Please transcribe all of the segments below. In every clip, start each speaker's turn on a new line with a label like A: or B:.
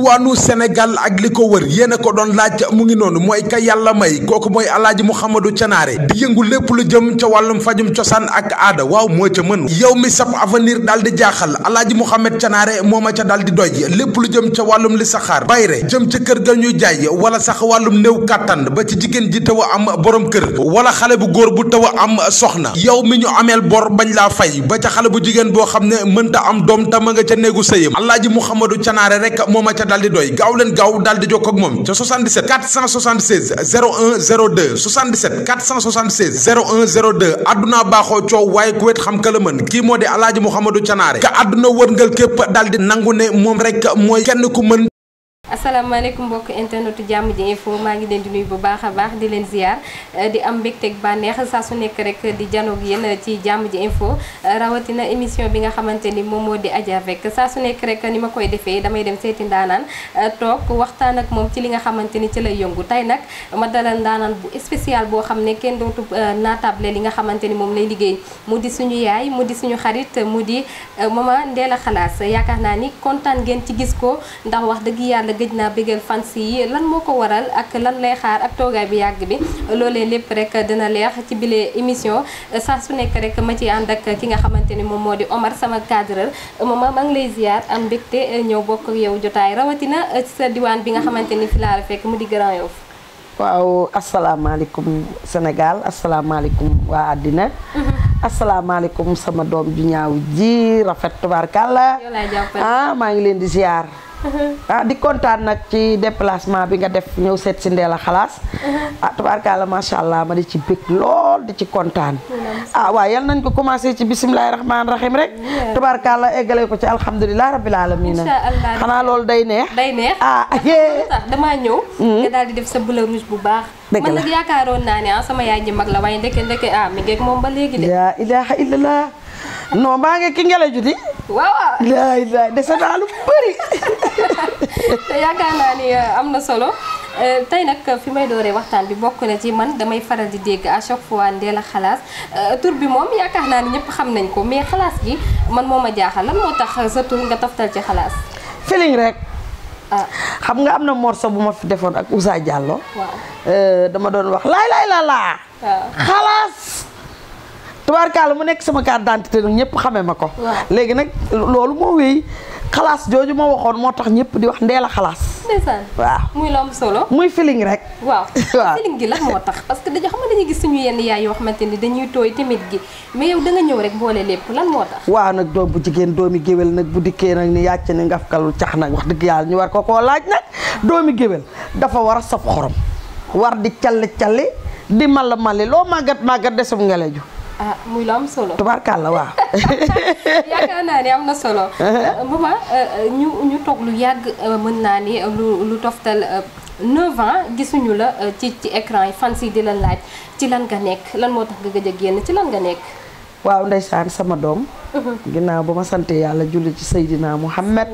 A: diwaanu Sénégal ak li ko wër yéen a ko doon laajte mu ngi noonu mooy kay yàlla may kooku mooy alaaji Mouhamadou Canaare di yëngu lépp lu jëm ca wàllum fajum cosaan ak aada waaw moo ca mën yow mi sab avenir daal di jaaxal alaaji Mouhamed Canaare moo ma ca daal di doy lépp lu jëm ca wàllum li saxaar bayre jëm ca kër ga ñuy jaay wala sax wàllum néew kàttan ba ci jigéen ji taw a am boroom kër wala xale bu góor bu taw a am soxna yow mi ñu ameel bor bañ laa fay ba ca xale bu jigéen boo xam ne mënta am doom tama nga ca néegu sëyam alaaji daal di doy gaaw leen gaaw daal di ak moom ca 77 476 01 02 77 476 01 02 adduna baaxoo coow waaye ku wet xam ka kii moo di alaaji Mouhamadou Canaare ka adduna wërngal képp daal nangu ne moom rek mooy kenn ku mën
B: asalaamaaleykum mbokk internetu jàmm ji info maa ngi leen di nuyu bu baax a baax di leen ziar eh, di am mbégteeg bànneex saa su nekk rek di janoog yéen eh, ci jàmm ji info eh, rawatina émission bi nga xamante ni moom moo di Adja avec saa su nekk rek ni ma koy defee damay dem seeti ndaanaan toog waxtaan ak moom ci li nga xamante ni ci lay yëngu tey nag ma dalal ndaanaan bu spécial boo xam ne kenn dootu naatable li nga xamante ni moom lay liggéey mu di suñu yaay mu di suñu xarit mu di mama Ndella Xalass yaakaar gis ko ndax gëj naa bégal fans yi lan moo ko waral ak lan lay xaar ak toogaay bi yàgg bi loolee lépp rek dina leex ci bile émission saa su nekk rek ma ci ànd ak ki nga xamante ni moom moo di Omar sama cadreur mama maa ngi lay ziar am mbégte ñëw bokk yow jotaay rawatina ci sa diwaan bi nga xamante ni fi laa la fekk mu di Grand Yoff
A: waaw senegal Sénégal asalaamaaleykum waa àddina mhm. asalaamaaleykum sama doom ju ñaaw ji rafet tubaarkàlla ah maa ngi leen di ziar ah di kontaan nag ci déplacement bi nga def ñëw seet si xalaas Xalass uh-huh. ah tubaarkaala macha allah ma di ci bég lool di ci kontaan ah waaw yal nañ ko commencé ci bisimilahi rahmaani rahim rek tubaarkaala eggale ko ci alhamdulilah rabbil alamina
B: xanaa loolu day neex day neex ah damaa ñëw hmm. daal di def sa bleu rouge bu baax man nag yaakaaroon naa ne ah sama yaay ji mag la waaye ndeke ndeke ah mi ngeeg moom ba léegi de yaa
A: ilaha illallah non maa ki ngele judi
B: waaw laay
A: laay dese naa lu
B: euh, am na solo euh, tey nag fi may dooree waxtaan bi bokk na ci man damay faral di dégg à chaque fois euh, tur bi moom yaakaar naa ni ñëpp xam nañ ko mais xalaas gi man moo ma jaaxal lan moo tax sa tur nga toftal ci xalaas.
A: feeling rek. Ah. xam nga am na morceau bu ma fi defoon ak Ousa Diallo. dama doon wax la laa.
B: Ah. xalaas.
A: kaala mu nekk sama carte d'identité nag ñëpp xamee ma ko. léegi nag loolu moo wéy xalaas jooju ma waxoon moo tax ñëpp di wax ndee la xalaas. waaw
B: muy lu am solo. muy feeling rek. waaw waaw feeling gi lan moo tax parce que dañoo xam ne dañuy gis suñu yenn yaay yoo xamante ni dañuy tooy tamit gi mais yow da nga ñëw rek boole lépp lan moo tax.
A: waaw nag bu jigéen doomi géwél nag bu dikkee nag ni yàcc ni ngaf kalul cax nag wax dëgg yàlla ñu war ko koo laaj nag doomi géwél dafa war a saf xorom war di calli calli di malla malli loo màggat màggat desum ngeleju
B: ah muy la am solo.
A: tubaarkàlla waaw.
B: yaakaar naa ne am na solo. maman ñu ñu toog lu yàgg mën naa ni lu lu toftal 9 ans gisuñu la ci ci écran yi fan si di la laaj ci lan nga nekk lan moo tax nga gëj a génn ci lan nga nekk. waaw
A: ndeysaan sama doom. ginnaaw ba ma sante yàlla julli ci Seydina Muhammad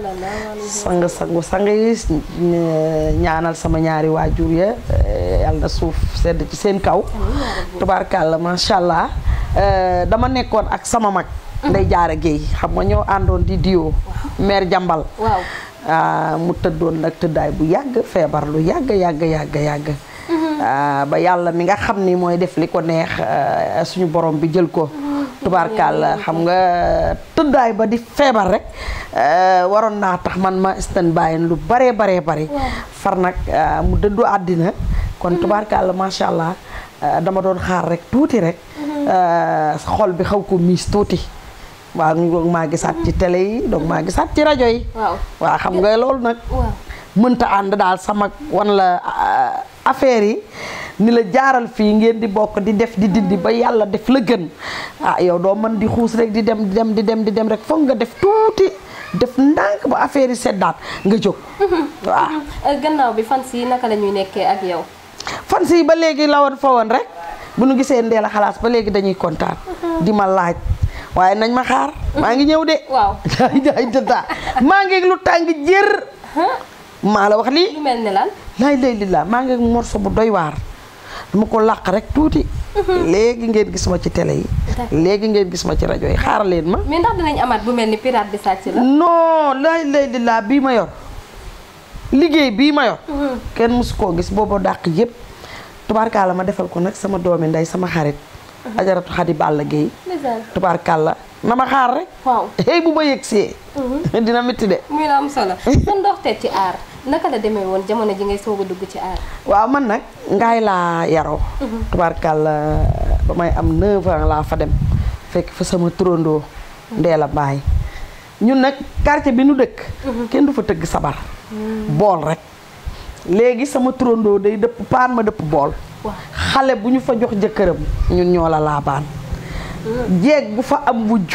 A: sang sangu sang yi ñaanal sama ñaari waajur ya yàlla na suuf sedd ci seen kaw tubaarkàlla macha allah. Euh, dama nekkoon ak sama mag. Mhm. nday jaara géey xam nga ñëw àndoon di diwo. maire jàmbal ah, mu tëddoon nag tëddaay bu yàgg feebar lu yàgg yàgg yàgg yàgg. Mhm. Ah, ba yàlla mi nga xam ni mooy def li ko neex ah, suñu borom bi jël ko. Mhm. tubaarkaal xam nga tëddaay ba di feebar rek waroon naa tax man ma stand by lu baree baree bari. far nag mu dëddu àddina kon tubaarkaal macha allah dama doon xaar rek tuuti rek. Euh, xol bi xaw ko miis tuuti. waaw doog maa gisaat ci télé yi doog maa gisaat ci rajo yi. waaw waaw xam nga loolu nag. mënta ànd daal sama wan la euh, affaire yi ni la jaaral fii ngeen di bokk di def di dindi ba yàlla def la gën ah yow doo man di xuus rek di dem di dem di dem di dem rek foog nga def tuuti def ndànk ba affaire yi seddaat nga jóg. waaw
B: euh, gannaaw bi fans yi naka la ñuy nekkee ak yow. fans
A: yi ba léegi lawoon fa woon rek. bu nu gisee Ndella Xalass ba léegi dañuy kontaan. di ma laaj waaye nañ ma xaar. maa ngi ñëw de. waaw maa ngi lu tàng jër. maa la wax lii. lu mel ne lan. laay lay li laa maa ngi morso bu doy waar. dama ko làq rek tuuti. Mhm. léegi ngeen gis ma ci télé yi. léegi ngeen gis ma ci rajo yi xaar leen ma.
B: mais ndax dinañ amaat bu mel ni pirate bi sàcc la. non laay lay li laa bii ma
A: yor. liggéey bii ma yor. Mhm. kenn mësu koo gis boobu dàq yépp la ma defal ko nag sama doomi ndey sama xarit. Uh-huh. ajaratu xadi Balla Gueye. tubaarkalla na ma xaar rek. waaw hey bu ma yegsee. Uh-huh. dina métti de.
B: muy la am solo kon doxte ci aar demee woon jamono ji ngay soog a dugg ci aar. waaw man nag ngaay
A: laa yaroo. Uh-huh. tubaarkalla ba may am 9 laa fa dem fekk fa sama turandoo. la Mbaay ñun nag quartier bi nu dëkk. kenn du fa tëgg sabar. Mm. bool rek. léegi sama turandoo day dëpp paan ma dëpp bool xale bu ñu fa jox jëkkëram ñun ñoo la laabaan jeeg bu fa am wujj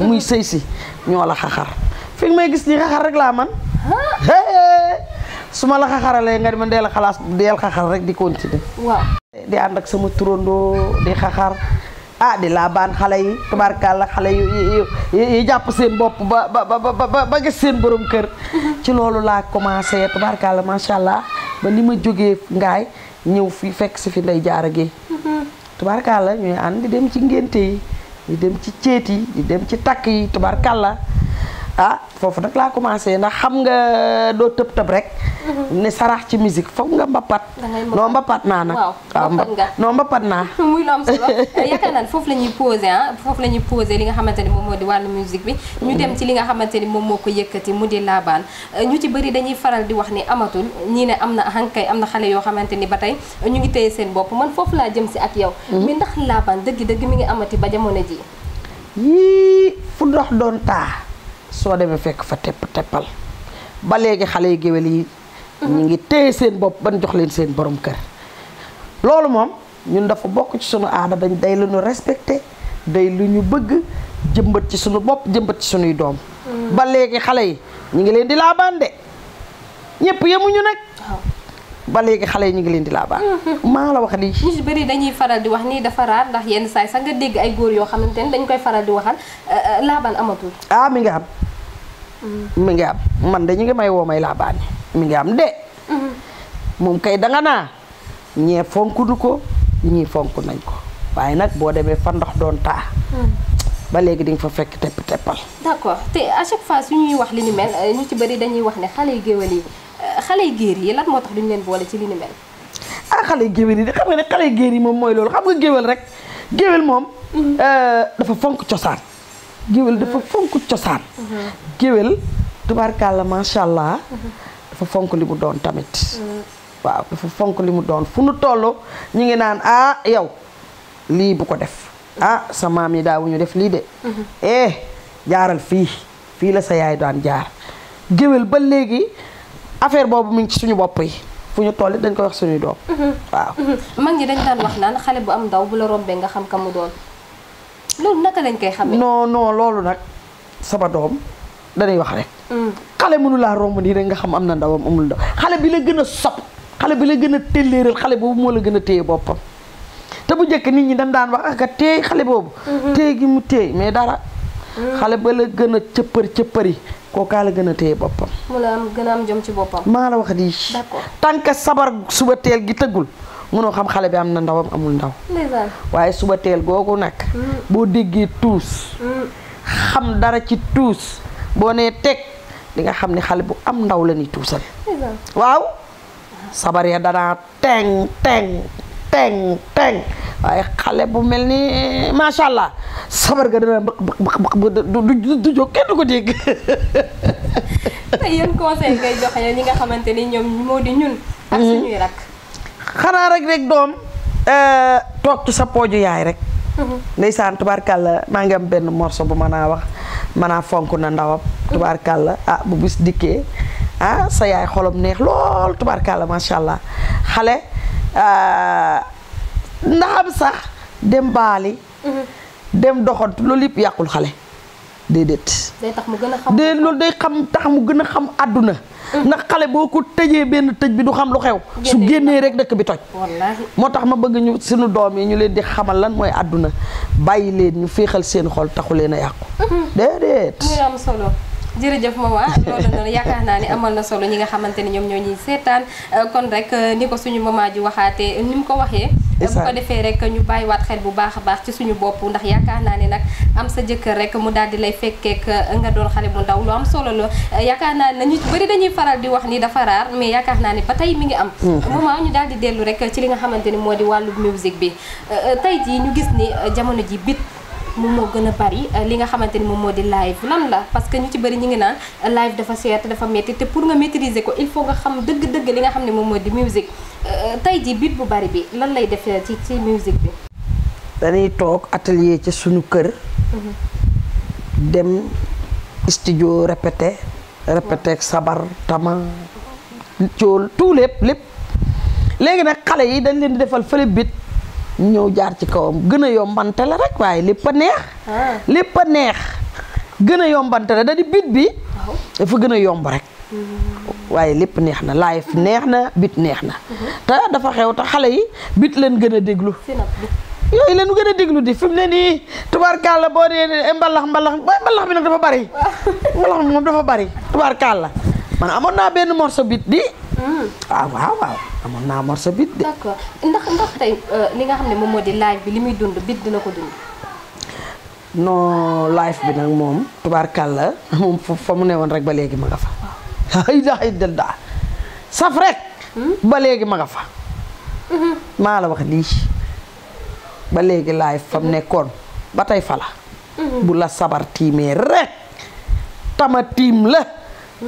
A: muy sëy si ñoo la xaxar fi may gis nii xaxar rek laa man su ma la xaxaralee nga di ma la xalaas deel xaxar rek di continuer waaw di ànd ak sama turandoo di xaxar ah di laabaan xale yi tubaarkàlla xale yu yi jàpp seen bopp ba ba ba gis seen borom kër ci loolu laa commencé tubaarkàlla macha allah ba ni ma jógee ngaay ñëw fi fekk si fi nday jaara gi tubaarkàlla ñuy ànd di dem ci ngénte yi di dem ci céet yi di dem ci takk yi tubaarkàlla ah foofu nag laa commencé ndax xam nga doo tëb tëb rek. Mhm. ne sarax ci musique foog nga mbapat. noo mbapat naa nag. waaw ah, mbapat noo mbapat naa.
B: muy lu am solo yaakaar foofu la ñuy posé ah, foofu la ñuy posé li nga xamante ni moom moo di wàllu musique bi. ñu dem ci li xamante ni moom moo ko yëkkati mu di laabaan ñu ci bëri dañuy faral di wax ni amatul ñii ne am na hankay ah, am na xale yoo xamante ni ba tey ñu ngi seen bopp man foofu laa jëm si ak yow. Mhm. mais ndax dëgg dëgg mi ngi amati ba jamono ji
A: doon taa. soo demee fekk fa tepp teppal ba léegi xale yi géwél yi ñu ngi téye seen bopp ban jox leen seen borom kër loolu moom ñun dafa bokk ci sunu aada dañ day lu ñu respecté day lu ñu bëgg jëmbët ci sunu bopp jëmbat ci sunuy doom mm. ba léegi xale yi ñu ngi leen di laabaan de
B: ñëpp yemuñu nag
A: ba léegi xale yi ñu ngi leen di laabaan
B: mm-hmm. maa la wax lii ñu si bëri dañuy faral di wax nii dafa raar ndax yenn saay sax nga dégg ay góor yoo xamante ne dañ koy faral di waxal euh, euh, laabaan amatul ah mi nga xam
A: mi ngi am man dañu ngi may woo may laa laabaani mi ngi am de. moom kay danga naa ñee fonkudu ko ñii fonk nañ ko waaye nag boo demee fa ndox doon taa. ba léegi di fa fekk tepp teppal.
B: d'accord te à chaque fois su ñuy wax li ni mel ñu ci bëri dañuy wax ne xale yu géwél yi xale yu géer yi lan moo tax duñu leen boole ci li ni mel.
A: ah xale géwél yi de xam nga ne xale yu géer yi moom mooy loolu xam nga géwél rek géwél moom. Mm-hmm. Euh, dafa fonk cosaan. géwél dafa fonk cosaan géwél tubaarkàlla macha allah. dafa fonk li mu doon tamit waaw dafa fonk li mu doon fu nu tollu ñu ngi naan ah yow lii bu ko def ah sa maam yi daawuñu def lii de eh jaaral fii fii la sa yaay daan jaar géwél ba léegi affaire boobu mu ngi ci suñu bopp yi fu ñu toll dañ koy wax suñuy doom
B: mhm. waaw mhm. mag ñi dañ daan wax naan xale bu am ndaw bu la rombee nga xam ka mu doon loolu naka lañ koy xam
A: non noo loolu nag sama doom danay wax rek. Mm. xale mënu laa romb nii rek nga xam am na ndawam amul ndaw xale bi la gën a sopp xale bi la gën a tëlleeral xale boobu moo la gën a téye boppam te bu njëkk nit ñi dañ daan wax aka téye xale boobu. Mm-hmm. téye gi mu téye mais dara. Mm. xale ba la gën a cëppër cëppëri kookaa la gën a téye boppam.
B: mu la am a am ci boppam. maa
A: la wax di d'accord tant que sabar suba teel gi tëggul. mënoo xam xale bi am na ndawam amul ndaw waaye suba teel googu nag mm. boo déggee tuus mm. xam dara ci tuus boo nee teg di nga xam ni xale bu am ndaw la ni tuusal waaw sabar ya danaa teng teng teng teng waaye xale bu mel ni macha allah sabar ga dana du du kenn ko dégg.
B: tey nga xamante ni ñoom moo di ñun. ak mm. suñuy rakk. xanaa rek rek doom
A: euh, toog ci sa pooju yaay rek mhm. ndeysaan tubaarkàlla maa ngi am benn morso bu mën a wax mën a fonk na ndawam mhm. tubaarkàlla ah bu bis dikkee ah sa yaay xolom neex lool tubaarkàlla macha allah xale euh, ndaxam sax dem baali mhm. dem doxantu loolu yëpp yàqul xale déedéet.
B: day tax mu gën a xam déedéet
A: loolu day xam tax mu gën a xam àdduna. Mm. ndax xale boo ko tëjee benn tëj bi du xam lu xew. su génnee rek dëkk bi toj. moo tax ma bëgg ñu suñu doom yi ñu leen di xamal lan mooy àdduna bàyyi leen ñu féexal seen xol taxu leen a yàqu. Mm-hmm. déedéet.
B: muy am solo. jërëjëf Mawa loolu noonu yaakaar naa ni amal na solo ñi nga xamante ni ñoom ñoo ñuy seetaan kon rek eh, ni ko suñu maman ji waxaatee ni mu ko waxee. bu ko defee rek ñu bàyyiwaat xel bu baax a baax ci suñu bopp ndax yaakaar naa ne nag am sa jëkkër rek mu daal di lay fekkeek euh, nga doon xale bu ndaw lu am solo la euh, yaakaar naa ne ñu bëri dañuy faral di wax ni dafa raar mais yaakaar naa ne ba tey mi ngi am hmm. moment ñu daal di dellu rek ci li nga xamante ni moo di wàllu musique bi euh, tey jii ñu gis ni jamono ji bit moom moo gën a bari euh, li nga xamante ni moom moo di live lan la parce que ñu ci bëri ñu ngi naan euh, live dafa seer te dafa metti te pour nga maîtriser ko il faut nga xam dëgg-dëgg li nga xam ne moom moo di musique euh, tey ji bit bu bari bi lan lay defee ci ci bi.
A: dañuy toog atelier ci suñu kër.
B: Mhm.
A: dem studio répété. répété ak sabar tama. cool tout lépp lépp. léegi nag xale yi dañ leen di defal fële bit ñu ñëw jaar ci kawam gën a yombante la rek waaye lépp a neex.
B: Ah. lépp
A: a neex gën a yombante la da di bit bi. dafa gën a yomb rek. Hmm. waaye lépp neex na live hmm. neex na bit neex na. Hmm. te dafa xew te xale yi bit leen gën a déglu. yooyu leen gën a déglu di fi mu ne nii tubaar tubaarkàlla boo dee mbalax mbalax mbalax bi nag dafa bari. mbalax bi moom dafa bari tubaarkàlla man amoon naa benn morceau bit di. Ah. ah waaw waaw amoon naa morso bit de.
B: ndax ndax tey euh, li nga xam ne moom moo di live bi li muy dund bit dina ko dund.
A: non live bi nag moom. tubaarkàlla moom fa mu ne woon rek ba léegi ma nga ay daa ay rek. Hmm? ba léegi ma nga fa. Hmm. maa la wax lii ba léegi live fa mu hmm. nekkoon ba tey fa la. bu la sabar tiimee rek tama tiim la.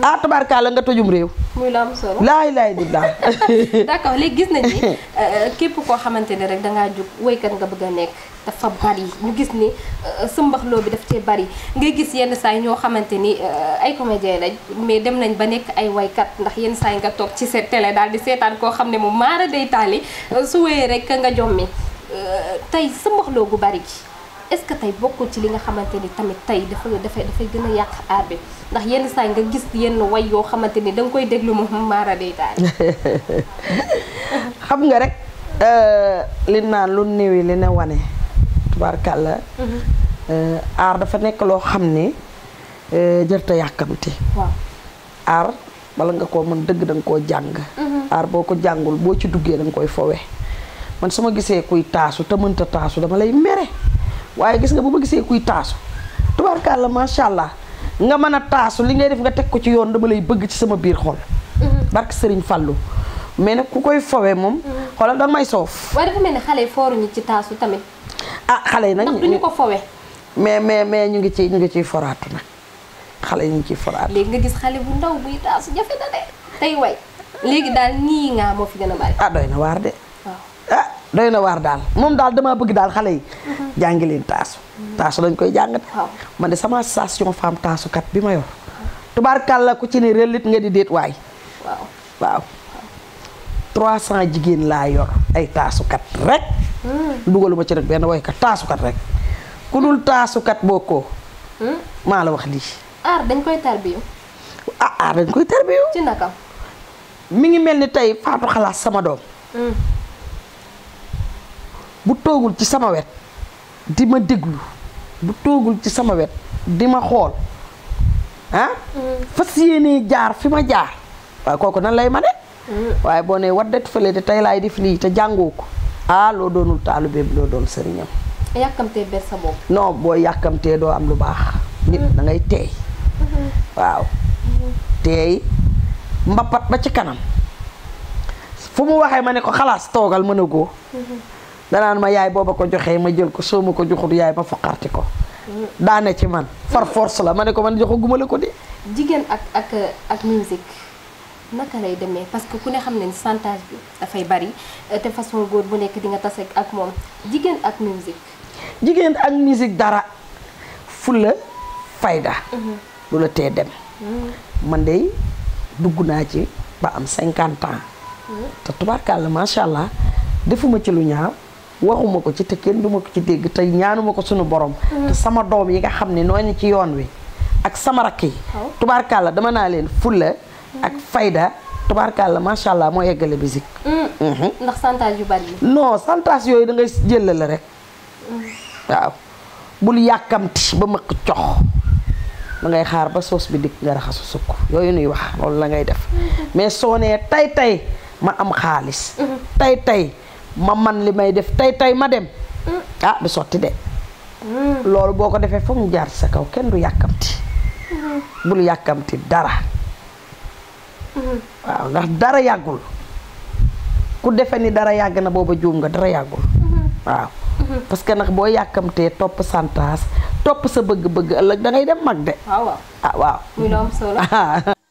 A: ah tabarkaala nga tojum
B: réew. muy la am solo laay laay di daal. d'accord léegi gis nañu ni euh, képp koo xamante ne rek da ngaa jóg woykat nga bëgg a nekk dafa bari ñu gis ni euh, sëmbaxloo bi daf cee bari ngay gis yenn saa yi ñoo xamante ni euh, ay comédien lañ mais dem nañ ba nekk ay woykat ndax yenn saa nga toog ci sa télé daal di seetaan koo xam ne mu maara day taali su wéyee rek nga jommi tey sëmbaxloo gu bari gi. est-ce que tey bokkul ci li nga xamante ni tamit tey dafa dafay dafay gën a yàq aar ndax yenn saa nga gis yenn way yoo xamante ni danga koy déglu moom maara day daal xam nga rek euh,
A: li naan lu néewi li ne wane tubaarkàlla mhm. euh, aar dafa nekk loo xam ni euh, jërta yàkkamti waaw aar bala nga koo mën dëgg da koo jàng mhm. aar boo ko jàngul boo ci duggee da koy fowe man su ma gisee kuy taasu te mënta taasu dama lay mere waaye gis nga bu ma gisee kuy taasu tubaarkàlla macha allah nga mën a taasu li ngay def nga teg ko ci yoon dama lay bëgg ci sama biir xol. Mm-hmm. barke Serigne Fallou mais nag ku koy fowee moom. Mm-hmm. xoolal danga may soof.
B: waaye dafa mel ni xale yi ñu ci taasu tamit. ah xale yi nag ndax duñu ko foowe mais mais mais
A: ñu ngi ci ñu ngi ciy foraatu nag xale yi ñu ngi ciy foraatu.
B: léegi nga gis xale bu ndaw buy taasu jafe na de tey way léegi daal nii nga moo fi gën a bari. ah doy na
A: waar de. doy na waar daal moom daal damaa bëgg daal xale yi. Mhm. jàngi leen taasu. Mhm. taasu lañ koy jàng. man de sama station femme taasukat bi ma yor. tubaarkàlla ku ci ne relit nga di déet waay. waaw waaw. 300 jigéen laa yor ay taasukat rek. Hmm. dugaluma ci rek benn woykat taasukat rek. ku dul taasukat bokkoo. Hmm. maa la wax lii.
B: aar dañ koy tarbiyu.
A: ah aar dañ koy tarbiyu. ci ngi mel ni tey Faatu Xalaas sama doom. Hmm. bu toogul ci sama wet di ma déglu bu toogul ci sama wet di ma xool ah mm. fas yéenee jaar fi ma jaar waaye kooku nan lay ma ne mm. waaye boo ne waddat fële te tey laay def lii te jàngoo ko ah loo doonul taalibeem loo doon sëriñam
B: yàkkamtee ber sa bopp
A: non boo yàkkamtee doo am lu baax nit mm. da teey
B: mm-hmm. waaw mm-hmm.
A: teey mbappat ba ci kanam fu mu waxee ma ne ko xalaas toogal mën a goo danaan ma yaay booba ko joxee ma jël ko soo ma ko joxut yaay ma foqarti ko daane ci man far force la ma ne ko man joxaguma la ko de
B: jigéen ak ak ak musique naka lay demee parce que ku ne xam ne chantage bi dafay bari te façon góor bu nekk di nga tasee ak moom jigéen ak musique
A: jigéen ak musique dara fulla fayda lu mhm. la tee dem
B: mhm.
A: man de dugg naa ci ba am cinquante ans mhm. te tubaarkàlla macha allah defuma ci lu ñaaw waxuma ko ci te kenn duma ko ci dégg te ñaanuma ko suñu borom mm-hmm. te sama doom yi nga xam ne nooy ni ci yoon wi ak sama rakk yi
B: oh.
A: la dama naa leen fulla mm-hmm. ak fayda la macha allah moo yeggale musique
B: mm. mm-hmm. ndax chantage yu bari non
A: chantage yooyu da ngay jëlla rek
B: mm.
A: waaw bul yàkkamti ba mëq cox da ngay xaar ba soos bi dikk nga raxasu sukk yooyu nuy wax loolu la ngay def mais soo nee tey tey ma am xaalis tay tay ma man li may def tey tey ma dem mm. ah du sotti de mm. loolu boo ko defee foog mu jaar sa kaw kenn du yàkkamti mm-hmm. bul yàkkamti dara mm-hmm. waaw ndax dara yàggul ku defe ni dara yàgg na boobu juum nga dara yàggul mm-hmm. waaw parce que nag boo yàkkamtee topp santaas topp sa bëgg-bëgg ëllëg da dem mag de ah waaw ah,